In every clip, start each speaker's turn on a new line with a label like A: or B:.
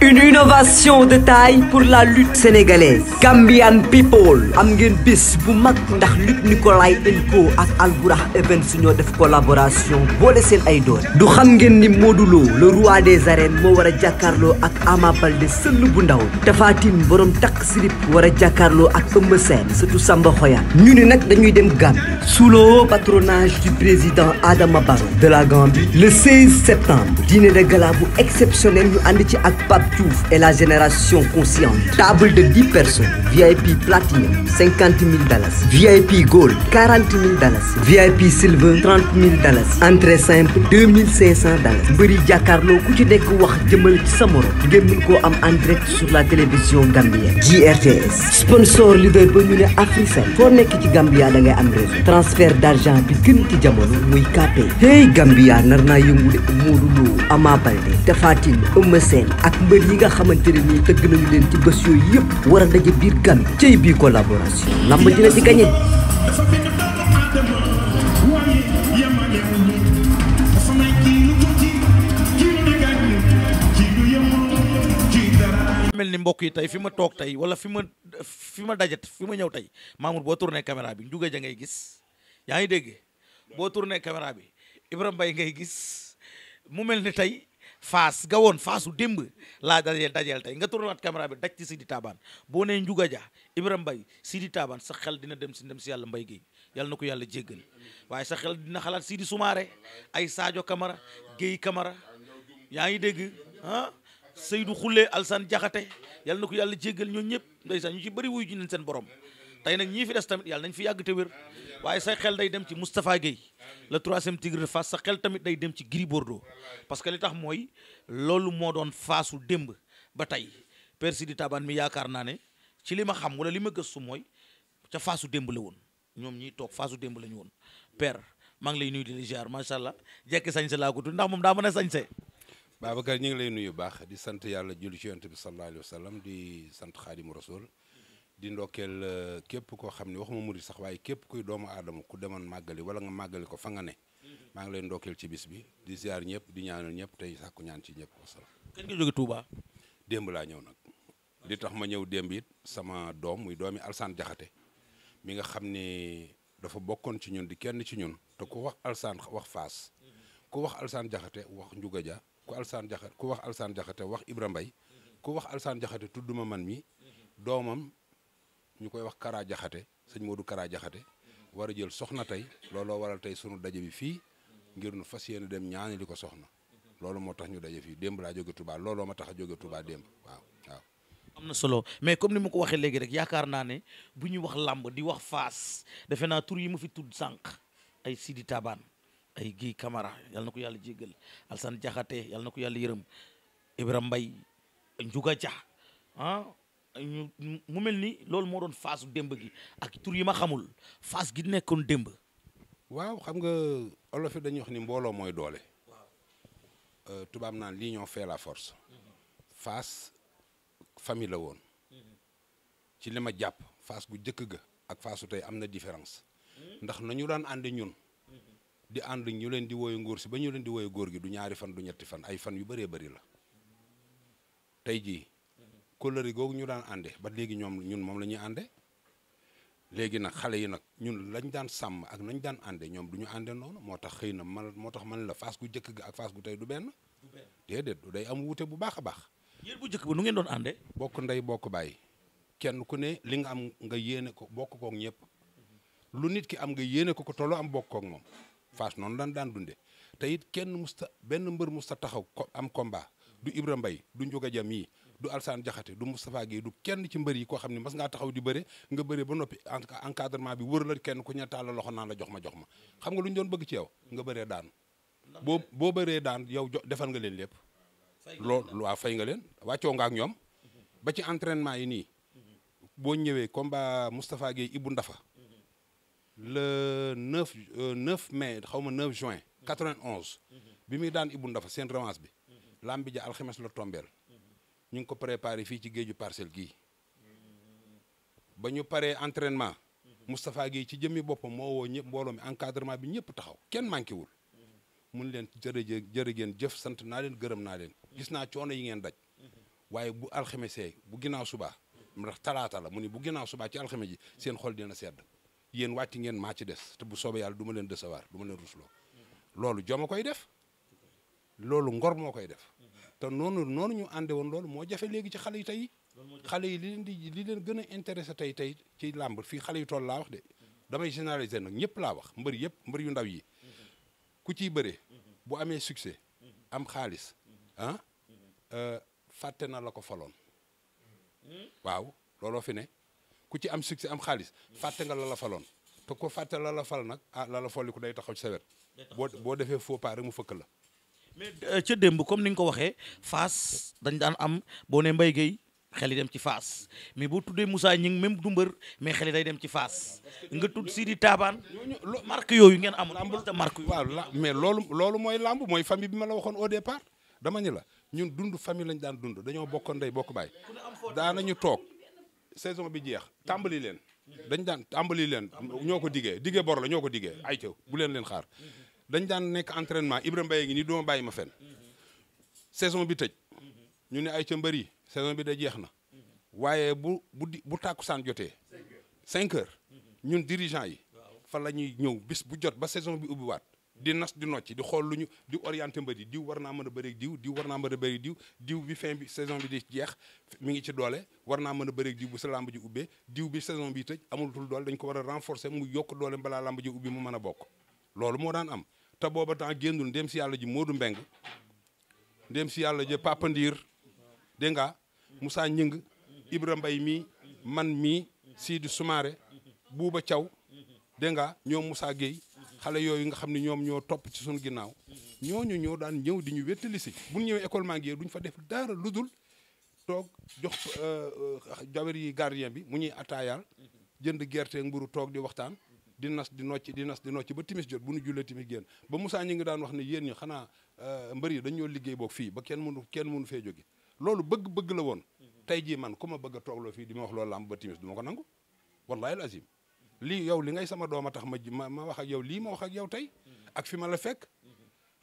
A: une innovation de taille pour la lutte sénégalaise Gambian people am ngeen bés bu mag ndax Luc Nicolaï Elko ak Alburah Events ñoo def collaboration boole seen ay doole du xam ngeen ni Modou Lo le roi des arènes moo war a jàkkaarloo ak Ama Baldé sëll bu ndaw Tapha Tine borom takk slip war a jàkkaarloo ak Eumeu Sène surtout Samba Xoya ñu ni nag dañuy dem Gambie sous le patronage du président Adama Barrow de la Gambie le 16 septembre dîner de gala bu exceptionnel ci ak Pape Diouf et la génération consciente. Table de 10 personnes. VIP Platinum, 50 000 dollars. VIP Gold, 40 000 dollars. VIP Silver, 30 000 dollars. Entrée simple, 2500 dollars. mbëri jàkkaarloo ku ci nekk wax jëmal ci sa morom. koo am en direct sur la télévision gambienne. JRTS. sponsor leader ba ñu ne Africell. foo nekk ci Gambia da ngay am réseau. transfert d' argent bi gën ci jamono muy KP. hey Gambia nar naa yëngu de Modou Lo Ama Baldé Tapha Tine Eumeu ak mbëri mbër nga xamante ne nii tëgg nañu a daje biir
B: mel ni mbokk yi tey fi ma toog tey wala fi ma fi ma dajet fi ma ñëw tey Mamour boo tourné caméra bi njuga ja ngay gis yaa ngi dégg boo tourné caméra bi Ibrahima Mbaye ngay gis mu mel ni tey faas nga woon faasu démb laa dajeel dajeel tey nga turalaat caméra bi daj ci Sidi Taabaan boo nee njuga ja Ibrahima Mbaye Sidi Taabaan sa xel dina dem si ndem si yàlla mbay Guèye yàlla na ko yàlla jéggal waaye sa xel dina xalaat Sidi Soumaré ay Sadio Camara Guèye Camara yaa ngi dégg ah Seydou Khoule Alsane Diakhaté yàlla na ko yàlla jéggal ñoo ñëpp ndeysaan ñu ci bari wuyu ji nañ seen borom tey nag ñii fi des tamit yàlla nañ fi yàgg te wér waaye sa xel day dem ci Moustapha Gueye le troisième tigre de Fass sa xel tamit day dem ci Gris Bordeaux parce que li tax mooy loolu moo doon faasu démb ba tey persi di taaban mi yaakaar naa ne ci li ma xam wala li ma gëstu mooy ca fasu demb la woon ñoom ñii toog faasu demb la ñu woon per maa ngi lay nuyu di la ziar macha allah jekki sañse laa ko tudd ndax moom daa mën a sañse
C: Babacar ñu ngi lay nuyu baax di sant yàlla julli ci yonent bi sallallahu alayhi wa sallam di sant xaadimu rasul di ndokkeel euh, képp koo xam ne waxuma murid sax waaye képp kuy doomu aadama ku demoon màggali wala nga màggali ko fanga ne mhm. maa ngi leen ndokkeel ci bis bi di ziar ñëpp di ñaanal ñëpp tey sàkku ñaan ci ñëpp wasalaam. kañ nga jóge Touba. démb laa ñëw nag li tax ma ñëw démb it sama doom muy doomi Alsaan mi nga xam ne dafa bokkoon ci ñun di kenn ci ñun te ku wax Alsaan wax Faas mhm. ku wax Alsaan Jaxate wax Njuga Ja ku wax Alsaan Jaxate wax Ibra Mbay ku wax Alsaan Jaxate man mi mhm. doomam ñu koy wax Kara Jaxate sëñ Modou Kara Jaxate war a jël soxna tey looloo waral tey sunu daje bi fii ngir nu fas yéene dem ñaani li ko soxna loolu moo tax ñu daje fii démb laa jóge Touba looloo ma tax a jóge Touba démb waaw waaw.
B: am na solo mais comme ni ma ko waxee léegi rek yaakaar naa ne bu ñuy wax làmb di wax faas defe naa tur yi ma fi tudd sànq ay Sidi Taban ay gii kamara yal na ko yàlla jéggal Alsan Jaxate yal na ko yàlla yërëm Ibrahima Mbay Njuga Ja ñu mu mel ni loolu moo doon faasu démb gi ak tur yi ma xamul faas gi nekkoon démb.
C: waaw xam nga olof yi dañuy wax ni mbooloo mooy doole. waaw euh, tubaab naan ñoo fait la force. Fass famille la woon. ci li ma jàpp Fass gu jëkk ga ak Fassu tey am na différence. ndax nañu daan ànd ñun. di ànd ñu leen di woyu ngóor si ba ñu leen di woyu góor gi du ñaari fan du ñetti fan ay fan yu baree bari la. tey jii kóllëre googu ñu daan ànde ba léegi ñoom ñun moom la ñuy ànde léegi nag xale yi nag ñun lañ daan sàmm ak nañ daan ànde ñoom du ñu ànde noonu moo tax xëy na man moo tax man la faas gu jëkk ga ak faas gu tey du benn déedéet du day am wuute bu baax a baax
B: yéen bu jëkk ba nu ngeen
C: doon ànde bokk ndey bokk bàyyi kenn ku ne li nga am nga yéene ko bokk kook ñëpp lu nit ki am nga yéene ko ko tolo am bokk kook moom faas noonu lan daan dunde te it kenn musta benn mbër musta taxaw am komba du Ibra Mbay du Njuga Jam yi du Alsaan Jaxate du Moustapha Guèye du kenn ci mbër yi koo xam ne mas ngaa taxaw di bëre nga bëre ba noppi en encadrement bi wër la kenn ku ñettaal la loxo naan la jox ma jox ma xam nga lu ñu doon bëgg ci yow nga bëree boo boo bëree daan yow jo defal nga leen lépp loolu waaw fay nga leen wàccoo nga ak ñoom ba ci entrainement yi nii boo ñëwee combat Moustapha Guèye Ibou Ndafa le 9 9 euh, mai xaw ma 9 juin 91 bi muy daan Ibou Ndafa seen revanche bi mhm. lamb bi ja alxames tombeel ñu ngi ko préparé fii ci géeju parcelle gii ba ñu paree entrainement Moustapha Guèye ci jëmmi boppam moo woo ñëpp mbooloo mi encadrement bi ñëpp taxaw kenn manqué wul mun leen jërëjë jërë ngeen jëf sant naa leen gërëm naa leen gis naa coono yi ngeen daj waaye bu alxemesee bu ginnaaw subaa ndax talaata la mu ni bu ginnaaw subaa ci alxeme ji seen xol dina sedd yéen wàcc ngeen maa ci des te bu soobee yàlla duma leen décevoir du ma leen rusloo loolu jom koy def loolu ngor moo koy def te noonu noonu ñu ànde woon loolu moo jafe léegi ci xale yi tey xale yi li leen di li leen gën a intéressé tey tey ci làmb fii xale yi tool laa wax de damay généraliser nag ñëpp laa wax mbër yëpp mbër yu ndaw yi ku ciy bëree amee succès am xaalis ah, euh, fàtte na la ko faloon waaw looloo fi ne ci am succès am xaalis fàtte nga la la faloon te ko fàtte la la fal nag ah la la folliku day taxaw ci sa boo defee faux pas rek mu fëkk la
B: mais euh, ca démb comme ni nga ko waxee fas dañ daan am boo ne Mbaye Guèye xel yi dem ci fas mais boo tuddee Moussa Gningue même dumbar mbër
C: mais xel yi day dem ci Fass nga tudd Sidi Taabaan marque yooyu ngeen am lamb te marque yooyu waaw mais loolu loolu mooy lamb mooy famille bi ma la waxoon au départ dama ñu la ñun dund famille lañ daan dund dañoo bokkoon ndey bokk baay ñu toog saison bi jeex tàmbali leen dañ daan tàmbali leen ñoo ko diggee diggee bor la ñoo ko diggee ay bu leen leen xaar dañ daan nekk entraînement Ibrahima Mbaye ngi nii du ma bàyyi ma fen saison bi tëj ñu ne ay ca mbër yi saison bi da jeex na waaye bu bu tàkku tàkkusaan jotee cinq ñun dirigeant yi fa la ñuy ñëw bis bu jot ba saison bi ubbiwaat di nas di nocci di xool lu ñu di orienté mbër yi diw war naa mën a bëri diw diw war naa mën a bëri diw diw bi fin bi saison bi di jeex mu ngi ci doole war naa mën a bëri diw bu sa làmb ubbee diw bi saison bi tëj amulatul doole dañ ko war a renforcer mu yokk balaa làmb ji mu mën a bokk loolu moo daan am te booba temps génnul ndem si yàlla ji Modou Mbeng ndem si yàlla ji Papa Ndiir dégg nga Moussa Ñing Ibra Mbay mii man mii Sidi Soumaré Bouba Thiaw dégg nga ñoom Moussa Gueye xale yooyu nga xam ne ñoom ñoo topp ci suñu ginnaaw ñooñu ñoo daan ñëw di ñu wéttali si bu ñëwee école Manguier duñ fa def dara lu dul toog jox euh, euh, jabar yi gardien bi mu ñuy ataayaal jënd gerte mburu toog di waxtaan di nas di nocc di nas di ba timis jot bu nu jullee timis génn ba Moussa ñi ngi daan wax ne yéen ñi xanaa euh, mbër yi dañoo liggéey boog fii ba kenn mënu kenn mënu fee jóge loolu bëgg-bëgg la woon tey jii man ku ma bëgg a toogloo fii di ma wax loolu làmb ba timis du ma ko nangu wallahi al azim lii yow li ngay sama doom a tax ma ma ma wax ak yow lii ma wax ak yow tey ak fi ma la fekk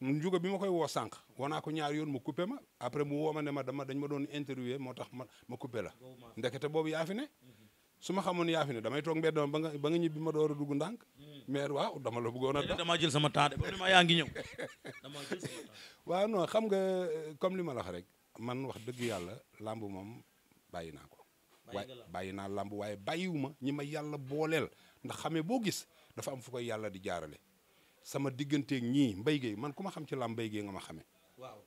C: njuga bi ma koy woo sànq woo naa ko ñaar yoon ma coupé ma après mu woo ma ne ma dama dañ ma doon interviewé moo tax ma ma coupé la ndekete boobu yaa fi ne mhm. su ma xamoon yaa fi ne damay toog mbedd ma ba nga ba nga ñibbi ma door a dugg ndànk hmm. maire waaw dama la bëggoon a dama jël sama temps de vraiment yaa ngi ñëw dama waaw non xam nga comme li ma la wax rek man wax dëgg yàlla làmb moom bàyyi naa ko waaye bàyyi naa làmb waaye bàyyiwuma ñi ma yàlla booleel ndax xamee boo gis dafa am fu koy yàlla di jaarale sama digganteeg ñii mbay géey man ku ma xam ci làmb mbay géey nga ma xamee waaw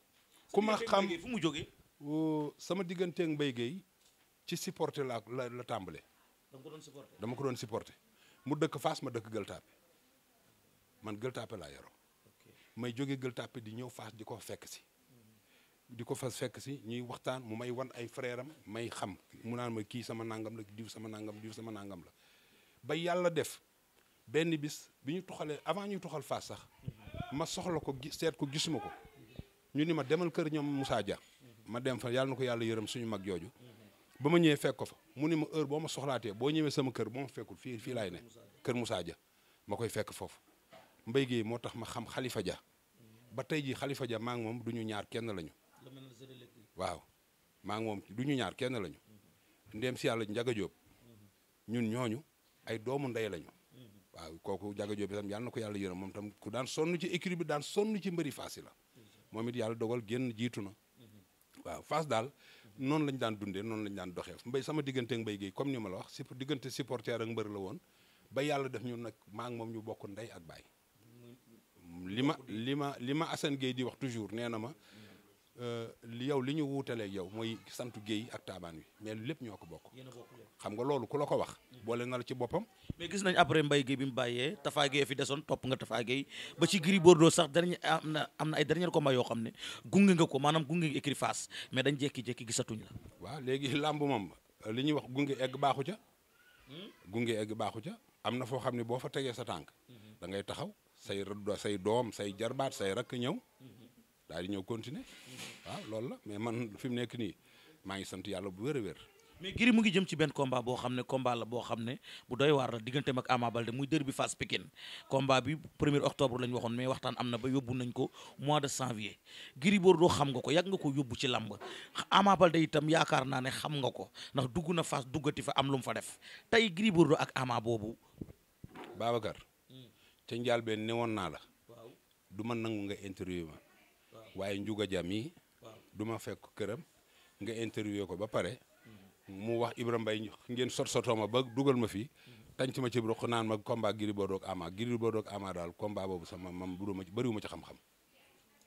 C: ku ma xam fu mu jógee sama digganteeg mbay géey ci supporter la la tàmbale
B: dama ko doon supporter
C: dama ko doon supporter mu dëkk faas ma dëkk Gueule man Gueule Tapée laa yoroo may jóge Gueule di ñëw faas di ko fekk si mhm. di ko fas fekk si ñuy waxtaan mu may wan ay frère may xam mu naan ma kii sama nangam la diw sama nangam diw sama nangam la ba yàlla def benn bis bi ñu tuxalee avant ñuy tuxal Fass sax mhm. ma soxla ko seet ko gisuma ko ñu ni ma demal kër ñoom Moussa Dia mhm. ma dem fa yàlla na ko yàlla yërëm suñu mag jooju ba ma ñëwee fekk ko fa mu ni ma heure boo ma soxlaatee boo ñëwee sama kër boo ma fekkul fii fii laay ne kër Moussa Dia ma koy fekk foofu mbéy gi moo tax ma xam Khalifa Dia ba tey jii Khalifa Dia maa moom du ñu ñaar kenn lañu waaw maa ngi moom du ñu ñaar kenn lañu ndéem si yàlla Ndiaga ñun ñooñu ay doomu ndey lañu waaw kooku Ndiaga Diop itam yàlla na ko yàlla yërëm moom tam ku daan sonn ci écurie bi daan sonn ci mbëri Fass yi la moom it yàlla dogal génn jiitu na mhm. waaw Fass daal noonu lañ daan dundee noonu lañ daan doxee mbay sama diggante ak mbay gi comme ni ma la wax si diggante supporter ak mbër la woon ba yàlla def ñu nag maa moom ñu bokk ndey ak baay. li ma li ma li ma Assane Gueye di wax toujours nee na ma euh, yow li ñu wuutaleeg yow mooy santu Gueye ak taabaan wi mais lépp ñoo ko bokk. xam nga loolu ku la ko wax. boole
B: na ci boppam. mais gis nañ après Mbaye Guèye bi mu bàyyee Tafa Guèye fi desoon topp nga Tafa Guèye ba ci Gris Bordeaux sax dernier am am na ay dernier combat yoo xam ne gunge nga ko maanaam gunge nga mais dañ
C: jékki-jékki gisatuñ waaw léegi làmb moom li ñuy wax gunge egg baaxu ca. gunge egg baaxu ca am na foo xam ne boo fa tegee sa tànk. da ngay taxaw say say doom say jarbaat say rakk ñëw. daal di ñëw continuer waaw loolu la mais man fi mu nekk nii maa ngi sant yàlla bu wér a wér. mais Gris mu ngi jëm ci benn combat boo xam ne combat la xam ne
B: bu doy waar la digganteem Ama Baldé muy derby Fass Pikine combat bi premier octobre la waxoon mais waxtaan am na ba yóbbu nañ ko mois de janvier Gris Bordeaux xam nga ko yàgg nga ko yóbbu ci làmb Ama Baldé itam yaakaar naa ne xam nga ko ndax dugg na Fass duggati fa am lu fa def tey Gris
C: Bordeaux ak Ama boobu Babacar hmm. ca njaal benn ne naa la du ma nangu nga interview ma waaye njuga jam yi du ma fekk këram nga interview ko ba pare mu wax Ibra Mbaye ngeen sot sotoo ma ba dugal ma fi tànc ma ci roq naan ma combat Gris Bordeaux Ama Gris Bordeaux ak Ama daal combat boobu sama mam buruma bëriwu ma ci xam-xam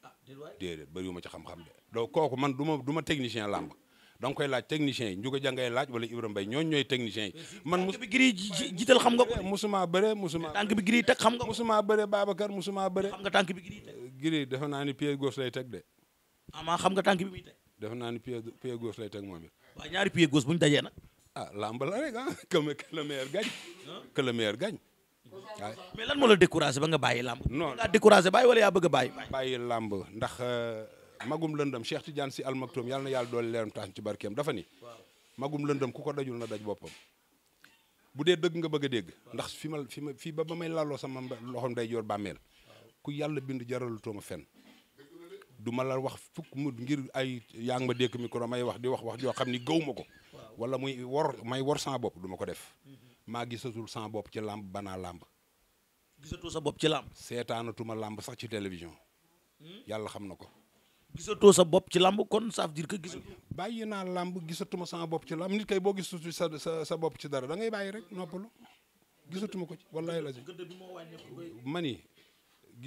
C: ah, déedéet bëriwu ma ci xam-xam de donc kooku man du ma du ma technicien làmb da nga koy laaj technicien yi ñu ko jàngay laaj wala Ibra Mbaye ñooñu ñooy technicien yi man tànk bi Gris jiital xam nga ko eh, musuma bëre musuma tànk bi Gris teg xam nga musuma bëre Babacar musuma bëre xam nga tànk bi eh, Gris defe naa ni pied gauche lay teg de ama xam nga tànk bi muy teg defe naa ni pied pied gauche lay teg moom it waa ñaari pied gauche bu ñu dajee nag. ah lamb la rek ah que le meilleur gagne. que mais lan moo la découragé ba nga bàyyi lamb. non nga découragé wala bëgg bàyyi. bàyyi lamb ndax euh, magum lëndëm Cheikh Tidiane si almaktoom yàlla na yàlla doole leeram tax ci barkeem dafa ni. magum lëndëm ku ko dajul na daj boppam. bu dee dëgg nga bëgg dégg ndax fi ma fi ma fii ba ba may laloo sama loxoom day joor bàmmeel ku yàlla bind jaralu tooma fen duma ma la wax fukk mu ngir ay yaa ngi ma dékk micro may wax di wax wax joo xam ni gëw ma ko wala muy wor may wor sans bopp duma ko def mm-hmm. maa gisatul sans bopp ci làmb banaa làmb gisatoo sa bopp ci làmb seetaanatuma làmb sax ci télévision hmm? yàlla xam na ko gisatoo sa bopp ci làmb kon ça veut dire que gisatoo bàyyi naa làmb gisatuma sama bopp ci làmb nit kay boo gisatu sa sa sa bopp ci dara da ngay bàyyi rek noppalu gisatuma ko ci wallahi lazim ma ni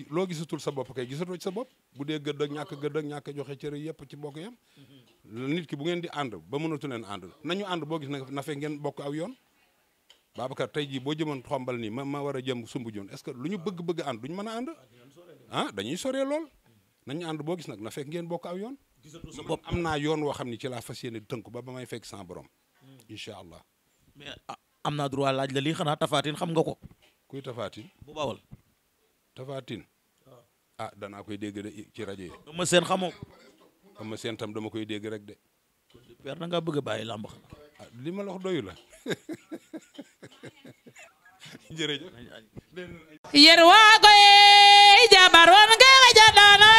C: loo gisatul sa bopp kay gisatoo ci sa bopp bu dee gëdd ak ñàkk gëdd ak ñàkk joxe cër yëpp ci bokk yam mm-hmm. nit ki bu ngeen di ànd ba mënatu leen ànd nañu ànd boo gis na fe ngeen bokk aw yoon Babacar tey jii boo jëmoon xombal nii ma ma war a jëm sumbu joon est-ce que lu ñu bëgg-bëgg ah. ànd duñu mën a ànd ah, ah lool nañu ànd boo gis nag na fekk ngeen bokk aw yoon bopp am naa yoon woo xam ne ci laa fas yéene tënk ba ba may fekk sans borom mm. incha allah mais ah, am naa droit laaj la lii xanaa tafaatin xam nga ko kuy tafaatin bu bawal tafaatin ah. ah danaa koy dégg de ci rajo yi. ama seen xamoo. ama seen tam dama koy dégg rek de. père da ngaa bëgg a bàyyi làmb xam ah, li ma la wax doyu la. jërëjëf.
B: yer waa koy jabar wan nga xëja daana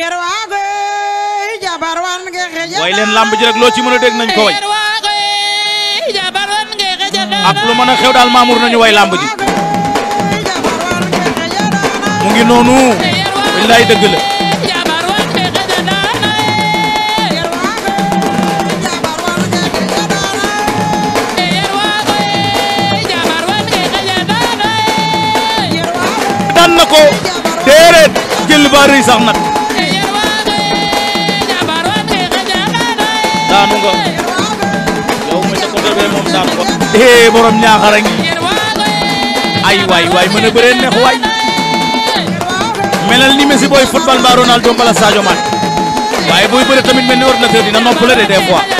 B: yer waa koy jabar wan nga xëja way leen làmb ji rek loo ci mën a dégg nañ ko way yer waa koy jabar wan nga xëja daana ak lu mën a xew daal maamour nañu way làmb ji mu ngi noonu wallaay dëgg la daan na ko déedéet jël ba rëy sax nag daanu nga yow mi ta ko defee moom daan ko eh borom ñaaxara ngi ay waay waay mën a bëree neex melal ni Messi booy football mbaa Ronaldo mbala Sadio Mané waaye buy bëre tamit mel ni ordinateur
A: dina noppale de des fois.